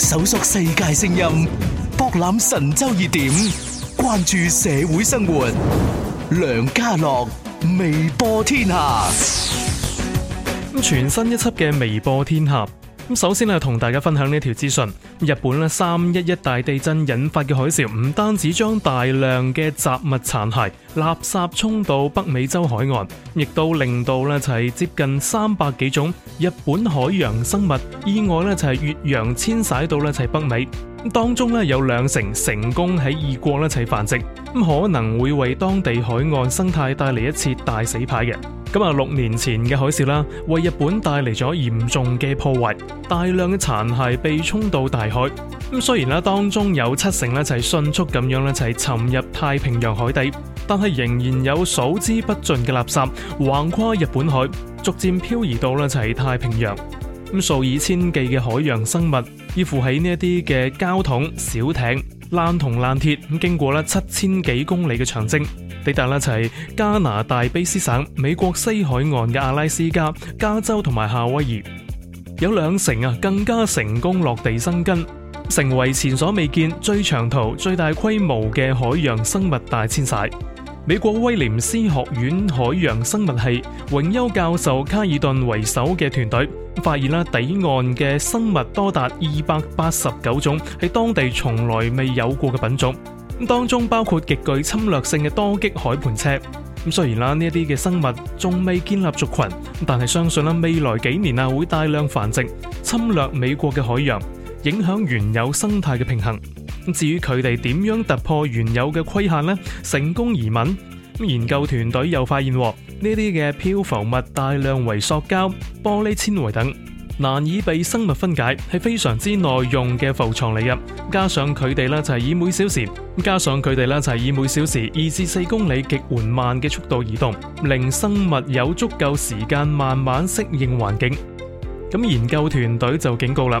搜索世界聲音，博覽神州熱點，關注社會生活。梁家樂，微播天下。全新一輯嘅微播天下。首先咧，同大家分享呢條資訊。日本咧三一一大地震引發嘅海嘯，唔單止將大量嘅雜物殘骸、垃圾沖到北美洲海岸，亦都令到咧齊接近三百幾種日本海洋生物意外咧齊越洋遷徙到咧齊北美。咁當中咧有兩成成功喺異國咧齊繁殖，咁可能會為當地海岸生態帶嚟一次大洗牌嘅。咁啊，六年前嘅海嘯啦，為日本帶嚟咗嚴重嘅破壞，大量嘅殘骸被沖到大海。咁雖然啦，當中有七成呢就係迅速咁樣呢，就係沉入太平洋海底，但係仍然有數之不盡嘅垃圾橫跨日本海，逐漸漂移到呢就係太平洋。咁數以千計嘅海洋生物依附喺呢一啲嘅膠桶、小艇。爛銅爛鐵，咁經過咧七千幾公里嘅長征，抵達啦齊加拿大卑斯省、美國西海岸嘅阿拉斯加、加州同埋夏威夷，有兩成啊更加成功落地生根，成為前所未見最長途、最大規模嘅海洋生物大遷徙。美國威廉斯學院海洋生物系榮休教授卡爾頓為首嘅團隊。發現啦，底岸嘅生物多達二百八十九種，係當地從來未有過嘅品種。咁當中包括極具侵略性嘅多棘海盤車。咁雖然啦，呢啲嘅生物仲未建立族群，但係相信啦，未來幾年啊會大量繁殖，侵略美國嘅海洋，影響原有生態嘅平衡。至於佢哋點樣突破原有嘅規限咧，成功移民？研究團隊又發現，呢啲嘅漂浮物大量為塑膠、玻璃纖維等，難以被生物分解，係非常之耐用嘅浮床嚟嘅。加上佢哋咧就係以每小時，加上佢哋咧就係以每小時二至四公里極緩慢嘅速度移動，令生物有足夠時間慢慢適應環境。咁研究團隊就警告啦。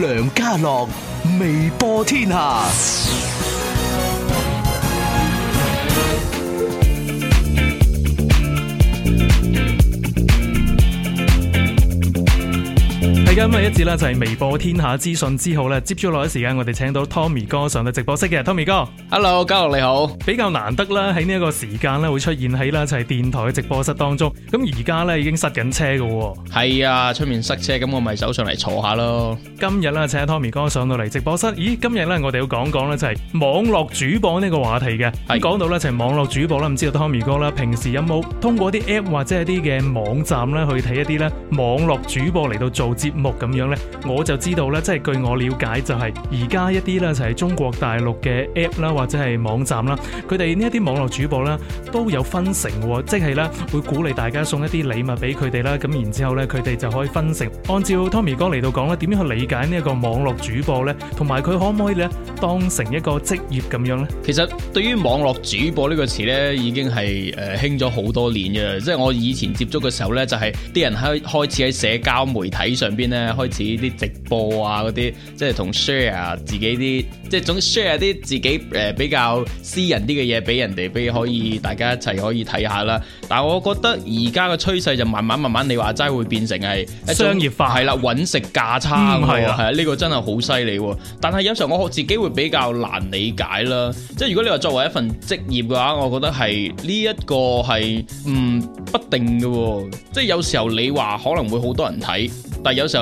梁家樂，微播天下。今日一節咧就係微播天下資訊之後咧，接住落一時間，我哋請到 Tommy 哥上到直播室嘅，Tommy 哥，Hello，嘉樂你好，比較難得啦，喺呢個時間咧會出現喺啦就係電台直播室當中，咁而家咧已經塞緊車噶，係啊，出面塞車，咁我咪走上嚟坐下咯。今日咧請 Tommy 哥上到嚟直播室，咦，今日咧我哋要講講咧就係網絡主播呢個話題嘅，咁講是到咧就係網絡主播啦，唔知道 Tommy 哥啦，平時有冇通過啲 app 或者一啲嘅網站咧去睇一啲咧網絡主播嚟到做節目？咁樣呢，我就知道呢，即係據我了解，就是，就係而家一啲呢，就係中國大陸嘅 app 啦，或者係網站啦，佢哋呢一啲網絡主播呢，都有分成，即係呢，會鼓勵大家送一啲禮物俾佢哋啦，咁然之後呢佢哋就可以分成。按照 Tommy 哥嚟到講呢，點樣去理解呢一個網絡主播呢？同埋佢可唔可以呢，當成一個職業咁樣呢？其實對於網絡主播呢個詞呢，已經係誒興咗好多年嘅，即、就、係、是、我以前接觸嘅時候呢，就係、是、啲人喺開始喺社交媒體上邊。咧，開始啲直播啊，嗰啲即係同 share 自己啲，即係總 share 啲自己誒、呃、比較私人啲嘅嘢俾人哋，俾可以大家一齊可以睇下啦。但係我覺得而家嘅趨勢就慢慢慢慢，你話齋會變成係商業化係啦，搵食價差係啊，呢、嗯啊啊這個真係好犀利。但係有時候我自己會比較難理解啦、啊。即係如果你話作為一份職業嘅話，我覺得係呢一個係唔、嗯、不定嘅、啊。即係有時候你話可能會好多人睇，但係有時候。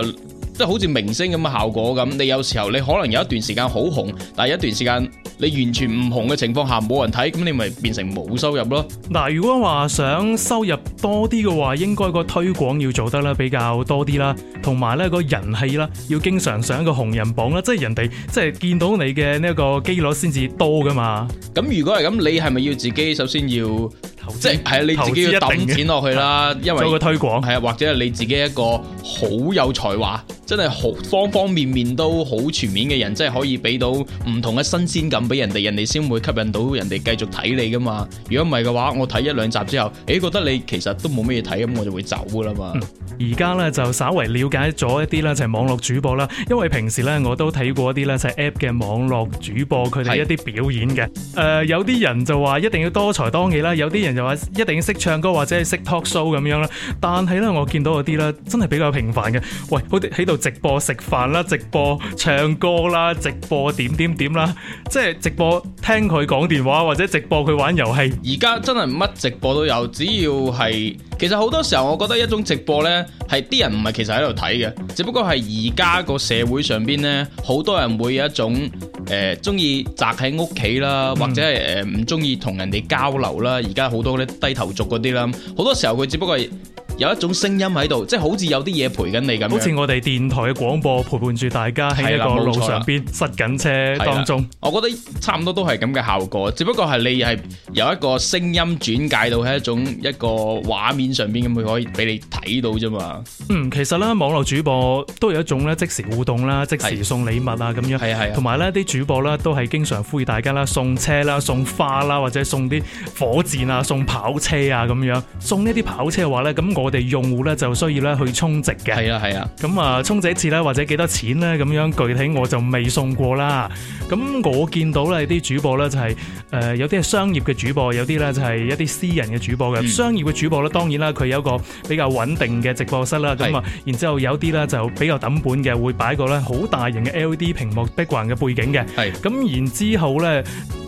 即係好似明星咁嘅效果咁，你有時候你可能有一段時間好紅，但係有一段時間你完全唔紅嘅情況下冇人睇，咁你咪變成冇收入咯。嗱，如果話想收入多啲嘅話，應該個推廣要做得咧比較多啲啦，同埋呢個人氣啦，要經常上一個紅人榜啦，即係人哋即係見到你嘅呢個機率先至多噶嘛。咁如果係咁，你係咪要自己首先要？即係你自己要抌錢落去啦，因為做個推廣，係啊，或者係你自己一個好有才華，真係好方方面面都好全面嘅人，即係可以俾到唔同嘅新鮮感俾人哋，人哋先會吸引到人哋繼續睇你噶嘛。如果唔係嘅話，我睇一兩集之後，誒、欸，覺得你其實都冇咩嘢睇，咁我就會走噶啦嘛。而家、嗯、呢，就稍微了解咗一啲咧，就係、是、網絡主播啦，因為平時呢，我都睇過一啲呢，就係、是、app 嘅網絡主播佢哋一啲表演嘅。誒是、呃，有啲人就話一定要多才多藝啦，有啲人。又話一定要識唱歌或者係識 talk show 咁樣啦，但係咧我見到嗰啲咧真係比較平凡嘅，喂，好似喺度直播食飯啦，直播唱歌啦，直播點點點啦，即係直播聽佢講電話或者直播佢玩遊戲。而家真係乜直播都有，只要係。其實好多時候，我覺得一種直播呢，係啲人唔係其實喺度睇嘅，只不過係而家個社會上邊呢，好多人會有一種誒，中意宅喺屋企啦，或者係誒唔中意同人哋交流啦。而家好多嗰啲低頭族嗰啲啦，好多時候佢只不過係。有一種聲音喺度，即係好似有啲嘢陪緊你咁。好似我哋電台嘅廣播陪伴住大家喺一個路上邊塞緊車當中。當中我覺得差唔多都係咁嘅效果，只不過係你係有一個聲音轉介到喺一種一個畫面上邊咁，佢可以俾你睇到啫嘛。嗯，其實咧，網絡主播都有一種咧即時互動啦，即時送禮物啊咁樣。係啊係啊。同埋咧啲主播啦，都係經常呼籲大家啦，送車啦，送花啦，或者送啲火箭啊，送跑車啊咁樣。送呢啲跑車嘅話咧咁我。我哋用戶咧就需要咧去充值嘅，係啊係啊，咁啊充值一次咧或者幾多錢咧咁樣，具體我就未送過啦。咁我見到咧啲主播咧就係、是、誒、呃、有啲係商業嘅主播，有啲咧就係、是、一啲私人嘅主播嘅。嗯、商業嘅主播咧當然啦，佢有一個比較穩定嘅直播室啦，咁啊，的然之後有啲咧就比較抌本嘅，會擺個咧好大型嘅 LED 屏幕 background 嘅背景嘅，係咁的然之後咧。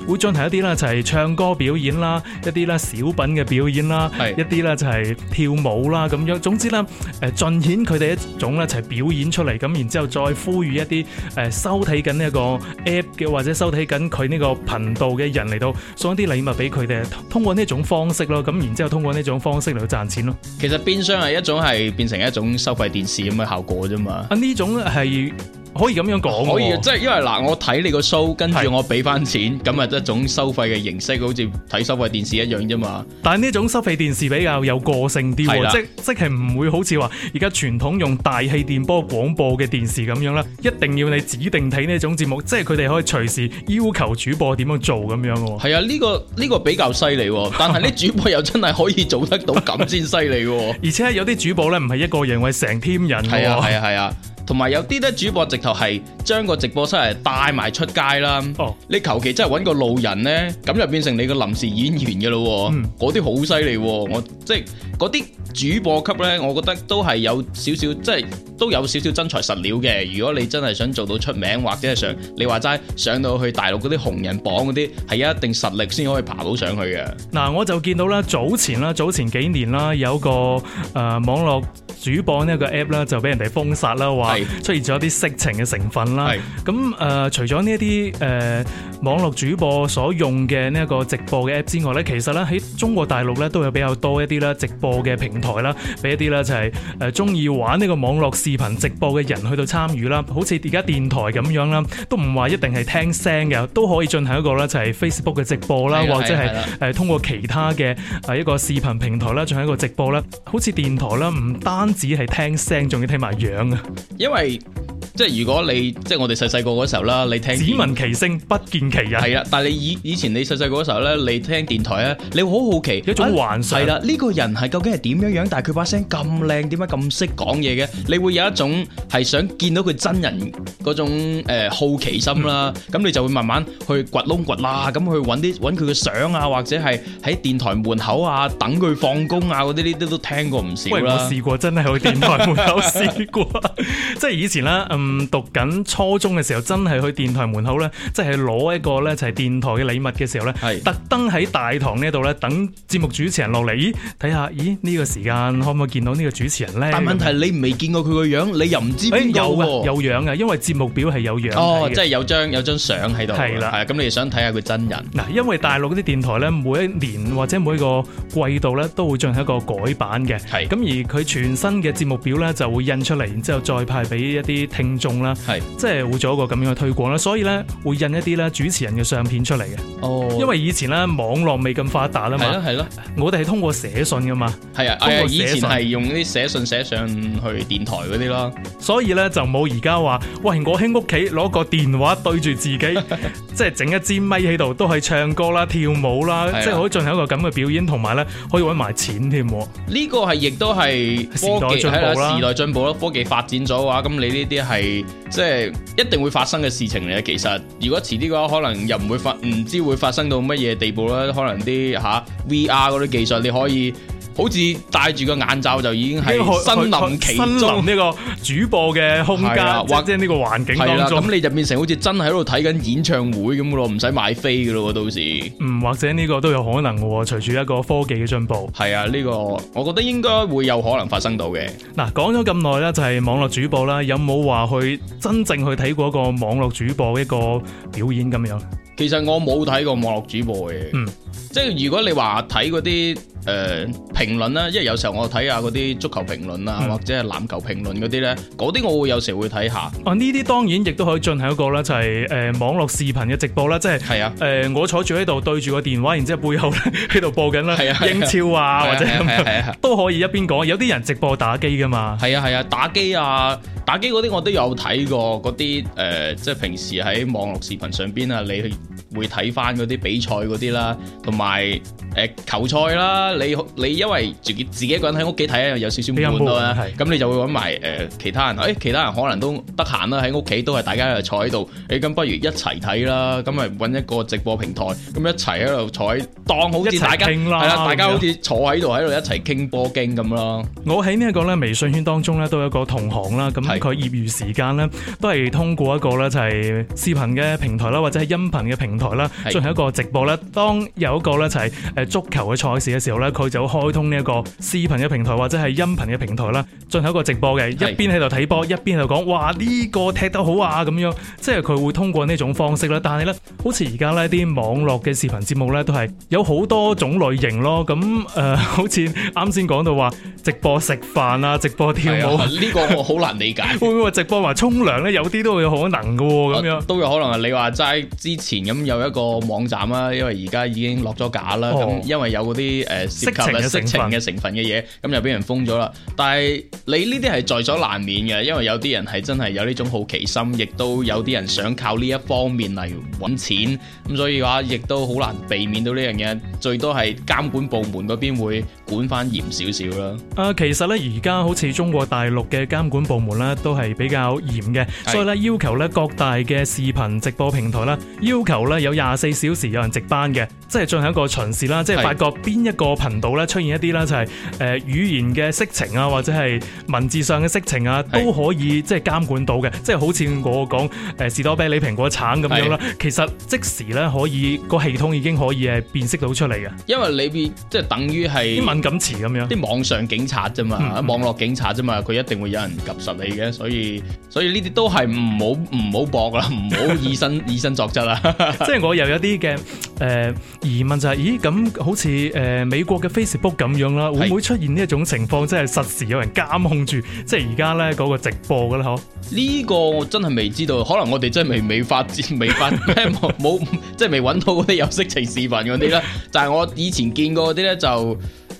會進行一啲咧就係唱歌表演啦，一啲咧小品嘅表演啦，是一啲咧就係跳舞啦咁樣。總之咧，誒盡顯佢哋一種咧就係表演出嚟，咁然後之後再呼籲一啲誒、呃、收睇緊呢個 app 嘅或者收睇緊佢呢個頻道嘅人嚟到送一啲禮物俾佢哋，通過呢種方式咯。咁然之後通過呢種方式嚟到賺錢咯。其實變相係一種係變成一種收費電視咁嘅效果啫嘛。啊，呢種係。可以咁樣講，可以即係因為嗱，我睇你個 show，跟住我俾翻錢，咁啊的一種收費嘅形式，好似睇收費電視一樣啫嘛。但係呢種收費電視比較有個性啲的，即即係唔會好似話而家傳統用大氣電波廣播嘅電視咁樣啦，一定要你指定睇呢種節目，即係佢哋可以隨時要求主播點樣做咁樣。係啊，呢個呢個比較犀利，但係啲主播又真係可以做得到咁先犀利。 而且有啲主播咧唔係一個人，係成 team 人。係啊，係啊，係啊。同埋有啲咧主播直頭係將個直播室係帶埋出街啦，oh. 你求其真係揾個路人咧，咁就變成你個臨時演員嘅咯，嗰啲好犀利，我即係嗰啲主播級咧，我覺得都係有少少即係。都有少少真材實料嘅。如果你真係想做到出名，或者係上，你話齋上到去大陸啲紅人榜啲，係有一定實力先可以爬到上去嘅。嗱，我就見到啦，早前啦，早前幾年啦，有個誒、呃、網絡主播呢個 app 啦，就俾人哋封殺啦，話出現咗啲色情嘅成分啦。係咁誒，除咗呢一啲誒網絡主播所用嘅呢一個直播嘅 app 之外咧，其實咧喺中國大陸咧都有比較多一啲啦直播嘅平台啦，俾一啲咧就係誒中意玩呢個網絡。視頻直播嘅人去到參與啦，好似而家電台咁樣啦，都唔話一定係聽聲嘅，都可以進行一個咧就係 Facebook 嘅直播啦，或者係誒通過其他嘅誒一個視頻平台啦進行一個直播啦。好似電台啦，唔單止係聽聲，仲要聽埋樣啊，因為。即係如果你即係我哋細細個嗰時候啦，你聽。只聞其聲，不見其人。係啊，但係你以以前你細細個嗰時候咧，你聽電台咧，你會好好奇一種幻想係啦，呢、啊呢個人係究竟係點樣樣？但係佢把聲咁靚，點解咁識講嘢嘅？你會有一種係想見到佢真人嗰種、呃、好奇心啦。咁、嗯、你就會慢慢去掘窿掘罅，咁去揾啲揾佢嘅相啊，或者係喺電台門口啊等佢放工啊嗰啲，呢啲都聽過唔少啦。喂，我試過真係喺電台門口試過， 即係以前啦。嗯唔讀緊初中嘅時候，真係去電台門口咧，即係攞一個咧，就係電台嘅禮物嘅時候咧，係特登喺大堂呢度咧等節目主持人落嚟，睇下，咦？呢個時間可唔可以見到呢個主持人咧？但問題你未見過佢個樣，你又唔知邊個、欸、有有樣啊，因為節目表係有樣。哦，即係有張有張相喺度。係啦的，係，咁你想睇下佢真人嗱？因為大陸嗰啲電台咧，每一年或者每一個季度咧，都會進行一個改版嘅。係是。咁而佢全新嘅節目表咧，就會印出嚟，然之後再派俾一啲聽。眾啦，係即係會做一個咁樣嘅推廣啦，所以咧，會印一啲咧主持人嘅相片出嚟嘅。哦，因為以前咧網絡未咁發達啦嘛，係咯，我哋係通過寫信噶嘛。係啊的，以前係用啲寫信寫上去電台嗰啲咯。所以咧就冇而家話喂，我喺屋企攞個電話對住自己， 即係整一支咪喺度都係唱歌啦，跳舞啦，的即係可以進行一個咁嘅表演，同埋咧可以搵埋錢添。呢的個係亦都係時代進步，時代進步咯，科技發展咗嘅話，咁你呢啲係。即係一定會發生嘅事情嚟嘅。其實如果遲啲嘅話，可能又唔會發，唔知會發生到乜嘢地步啦。可能啲吓、啊、VR 嗰啲技術，你可以。好似戴住個眼罩就已經係身臨其境呢個主播嘅空間、啊，或者呢個環境當中，咁、啊、你就變成好似真係喺度睇緊演唱會咁嘅咯，唔使買飛嘅咯，到時嗯或者呢個都有可能嘅，隨住一個科技嘅進步，係啊，呢、呢個我覺得應該會有可能發生到嘅。嗱，講咗咁耐啦，就係、係、網絡主播啦，有冇話去真正去睇過一個網絡主播一個表演咁樣？其實我冇睇過網絡主播嘅，即係如果你話睇嗰啲誒評論啦，因為有時候我睇下嗰啲足球評論啊，或者係籃球評論嗰啲咧，嗰啲我會有時會睇下。啊，呢啲當然亦都可以進行一個咧，就係誒網絡視頻嘅直播啦，即係係啊。誒，我坐住喺度對住個電話，然之後背後咧喺度播緊啦，英超啊或者咁樣，都可以一邊講。有啲人直播打機噶嘛，係啊係啊，打機啊打機嗰啲我都有睇過，嗰啲誒即係平時喺網絡視頻上邊啊，你。會睇翻嗰啲比賽嗰啲啦，同埋誒球賽啦。你你因為自己自己一個人喺屋企睇啊，有少少悶咯。咁你就會揾埋誒其他人。誒、欸、其他人可能都得閒啦，喺屋企都係大家喺度坐喺度。誒、欸、咁不如一齊睇啦。咁咪揾一個直播平台，咁一齊喺度坐喺當好似大家傾啦，係啦，大家好似坐喺度喺度一齊傾波經咁咯。我喺呢一個咧微信圈當中咧，都有一個同行啦。咁大概業餘時間咧的都係通過一個咧就係視頻嘅平台啦，或者係音頻嘅平台台啦，進行一個直播啦。當有一個咧就係誒足球嘅賽事嘅時候咧，佢就開通呢一個視頻嘅平台或者係音頻嘅平台啦，進行一個直播嘅。一邊喺度睇波，一邊喺度講，哇！呢、這個踢得好啊咁樣，即係佢會通過呢種方式啦。但係咧，好似而家呢啲網絡嘅視頻節目咧，都係有好多種類型咯。咁誒、呃，好似啱先講到話直播食飯啊，直播跳舞，呢、哎這個我好難理解。唔 會會直播話沖涼咧，有啲都會有可能嘅咁樣、啊，都有可能啊！你話齋之前咁。有一個網站啦，因為而家已經落咗架啦，咁、哦、因為有嗰啲誒涉及色情嘅成分嘅嘢，咁就俾人封咗啦。但係你呢啲係在所難免嘅，因為有啲人係真係有呢種好奇心，亦都有啲人想靠呢一方面嚟揾錢，咁所以話亦都好難避免到呢樣嘢，最多係監管部門嗰邊會管翻嚴少少啦。啊、呃，其實呢，而家好似中國大陸嘅監管部門咧，都係比較嚴嘅，是所以咧要求呢各大嘅視頻直播平台啦，要求呢。有廿四小時有人值班嘅，即係進行一個巡視啦，是即係發覺邊一個頻道咧出現一啲咧就係誒語言嘅色情啊，或者係文字上嘅色情啊，都可以即係監管到嘅。是即係好似我講誒士多啤梨、蘋果、橙咁樣啦。其實即時咧可以、個系統已經可以係辨識到出嚟嘅。因為你變即係等於係敏感詞咁樣，啲網上警察啫嘛，嗯嗯網絡警察啫嘛，佢一定會有人及實你嘅。所以所以呢啲都係唔好唔好搏啦，唔好以身 以身作則啦。 即係我又有啲嘅誒疑問就係、是，咦咁好似誒、呃、美國嘅 Facebook 咁樣啦，會唔會出現呢一種情況，是即係實時有人監控住？即係而家咧嗰個直播㗎啦，嗬？呢個我真係未知道，可能我哋真係未未發展、未發冇， 即係未揾到嗰啲有色情視頻嗰啲啦。但係 我以前見過嗰啲咧，就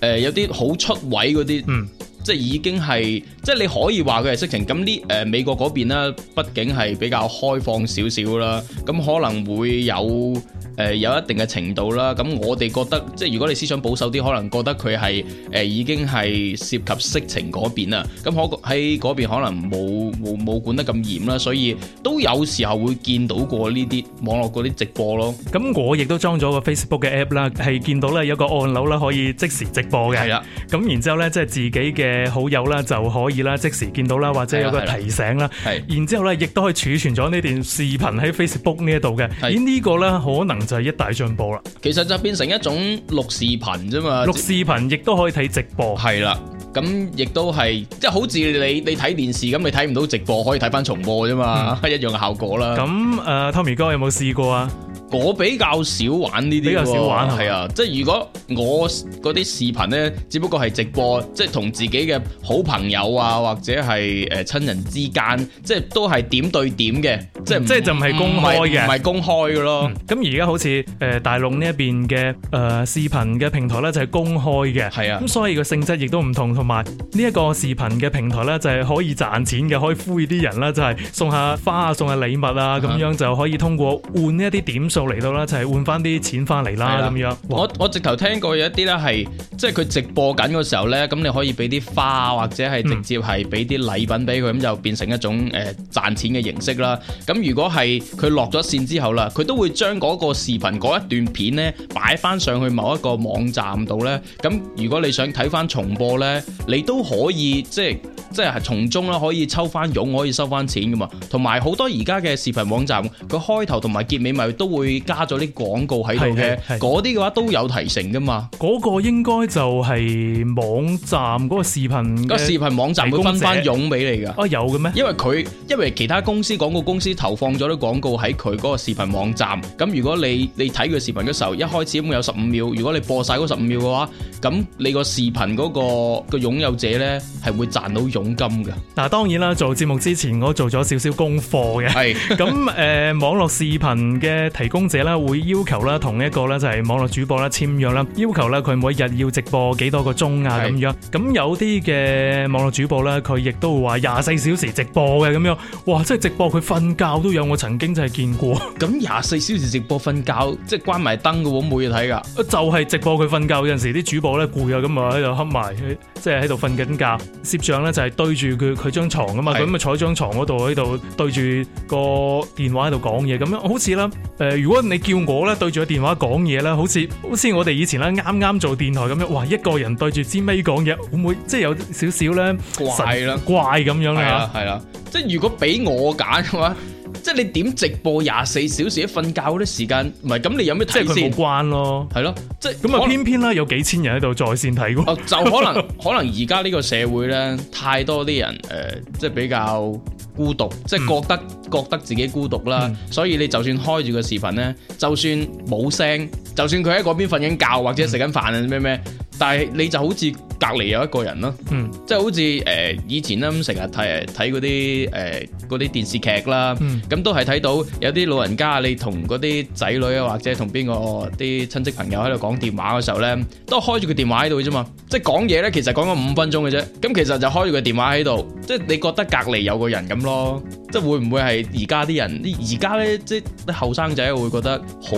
誒有啲好出位嗰啲。嗯。即係已經係即係你可以話佢係色情咁，啲、誒，美國嗰邊咧，畢竟係比較開放少少啦，咁可能會有誒、呃、有一定嘅程度啦。咁我哋覺得，即係如果你思想保守啲，可能覺得佢係誒已經係涉及色情嗰邊啊。咁可喺嗰邊可能冇冇冇管得咁嚴啦，所以都有時候會見到過呢啲網絡啲直播咯。咁我亦都裝咗個 Facebook 嘅 app 啦，係見到咧有個按鈕啦，可以即時直播嘅。係啦的，咁然之後咧，即係自己嘅。誒，好友啦就可以啦，即時見到啦，或者有個提醒啦，係、啊。然之後咧，亦都可以儲存咗呢段視頻喺 Facebook 呢一度嘅。咁呢個咧，可能就係一大進步啦。其實就變成一種錄視頻啫嘛，錄視頻亦都可以睇直播。係啦，咁亦都係，即、就、係、即係、好似你你睇電視咁，你睇唔到、到直播，可以睇翻重播啫嘛，嗯、 一樣嘅效果啦。咁誒、uh，Tommy 哥有冇試過啊？我比較少玩呢啲，比較少玩係啊，即係如果我啲視頻咧，只不過係直播，即係同自己嘅好朋友啊，或者係誒親人之間，即係都係點對點嘅，即係即係就唔係公開嘅，唔係公開嘅咯。咁而家好似誒大陸呢一邊嘅誒視頻嘅平台咧，就係公開嘅，係啊。咁所以個性質亦都唔同，同埋呢一個視頻嘅平台咧，就係可以賺錢嘅，可以呼籲啲人啦，就係送下花啊，送下禮物啊，咁樣就可以通過換一啲點數。嚟到啦，就係換翻啲錢翻嚟啦咁樣。我我直頭聽過有一啲咧，係即係佢直播緊嘅時候咧，咁你可以俾啲花或者係直接係俾啲禮品俾佢，咁就變成一種誒賺錢嘅形式啦。咁如果係佢落咗線之後啦，佢都會將嗰個視頻嗰一段片咧擺翻上去某一個網站度咧。咁如果你想睇翻重播咧，你都可以即係即係從中啦，可以抽翻佣，可以收翻錢噶嘛。同埋好多而家嘅視頻網站，佢開頭同埋結尾咪都會。會加咗啲廣告喺度嘅，嗰啲嘅話都有提成噶嘛？嗰個應該就係網站嗰個視頻個視頻網站會分翻佣俾你噶。哦、啊，有嘅咩？因為佢因為其他公司廣告公司投放咗啲廣告喺佢嗰個視頻網站，咁如果你你睇佢視頻嘅時候，一開始會有十五秒，如果你播晒嗰十五秒嘅話，咁你視頻個視頻嗰個個擁有者呢係會賺到佣金噶。嗱，當然啦，做節目之前我做咗少少功課嘅。係咁是的，誒、 呃，網絡視頻嘅提。工者咧會要求咧同一個咧就係網絡主播咧簽約啦，要求咧佢每日要直播幾多個鐘啊咁樣。咁是有啲嘅網絡主播咧，佢亦都會話廿四小時直播嘅咁樣。哇！即係直播佢瞓覺都有，我曾經就係見過。咁廿四小時直播瞓覺，即係關埋燈嘅喎，冇嘢睇㗎。就係直播佢瞓覺有陣時，啲主播咧攰啊，咁啊喺度瞌埋，即係喺度瞓緊覺。攝像咧就係、是、對住佢佢張床啊嘛，咁咪是坐喺張床嗰度喺度對住個電話喺度講嘢咁樣，好似啦。誒、呃，如果你叫我咧對住個電話講嘢咧，好似好似我哋以前咧啱啱做電台咁樣，哇，一個人對住支咪講嘢，會唔會即係有少少咧怪啦，怪咁樣嚟係啦，即係如果俾我揀嘅話，即係你點直播廿四小時，一瞓覺嗰啲時間，唔係咁，你有咩睇先？即係佢冇關咯，係咯，即係咁啊！就偏偏咧有幾千人喺度在線睇嘅、啊，就可能 可能而家呢個社會咧，太多啲人誒、呃，即係比較。孤獨，即係覺得、嗯、覺得自己孤獨啦，嗯、所以你就算開住個視頻呢，就算冇聲，就算佢喺嗰邊瞓緊覺或者食緊飯咩、啊、咩、嗯，但係你就好似。隔離有一個人咯，嗯、即係好似誒、呃、以前啦，咁成日睇睇嗰啲誒啲電視劇啦，咁、嗯、都係睇到有啲老人家，你同嗰啲仔女啊，或者同邊個啲親戚朋友喺度講電話嘅時候咧，都開住個電話喺度啫嘛，即係講嘢咧，其實講緊五分鐘嘅啫，咁其實就開住個電話喺度，即係你覺得隔離有個人咁咯，即係會唔會係而家啲人？而家咧，即係啲後生仔會覺得好，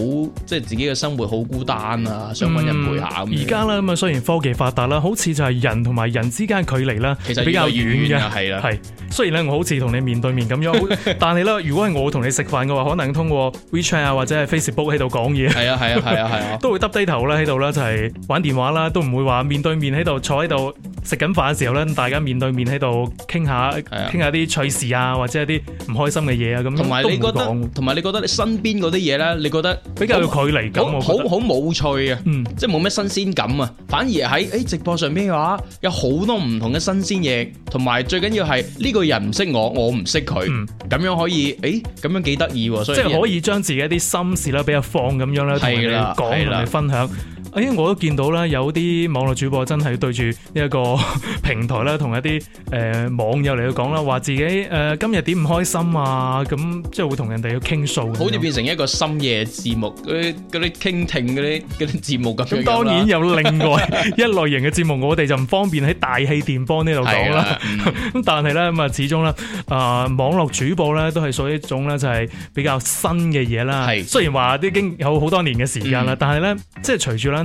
即係自己嘅生活好孤單啊，想搵人陪下咁、嗯。而家啦，咁啊雖然科技發達啦，好似～就係人同埋人之間距離啦，其實比較遠嘅係啦。係雖然咧，我好似同你面對面咁樣， 但係咧，如果係我同你食飯嘅話，可能通過 WeChat 啊，或者係 Facebook 喺度講嘢。係啊，係啊，係啊，係啊，都會耷低頭啦，喺度啦，就係、是、玩電話啦，都唔會話面對面喺度坐喺度。嗯。食緊飯嘅時候咧，大家面對面喺度傾下，傾下啲趣事啊，或者一啲唔開心嘅嘢啊，咁都唔講。同埋你覺得，同埋你覺得你身邊嗰啲嘢咧，你覺得比較有距離感，好好冇趣啊，即係冇咩新鮮感啊。反而喺誒直播上邊嘅話，有好多唔同嘅新鮮嘢，同埋最緊要係呢個人唔識我，我唔識佢，咁樣可以誒，咁樣幾得意喎。即係可以將自己一啲心事啦，比較放咁樣啦，同你講同你分享。哎，我都見到啦，有啲網絡主播真係對住呢一個平台咧，同一啲誒網友嚟到講啦，話自己誒今日點唔開心啊，咁即係會同人哋去傾訴，好似變成一個深夜節目嗰啲嗰啲傾聽嗰啲嗰啲節目咁樣啦。當然有另外一類型嘅節目，我哋就唔方便喺大氣電波呢度講啦。咁但係咧咁啊，始終咧啊，網絡主播咧都係屬於一種咧就係比較新嘅嘢啦。係雖然話已經有好多年嘅時間啦，但係咧即係隨住咧。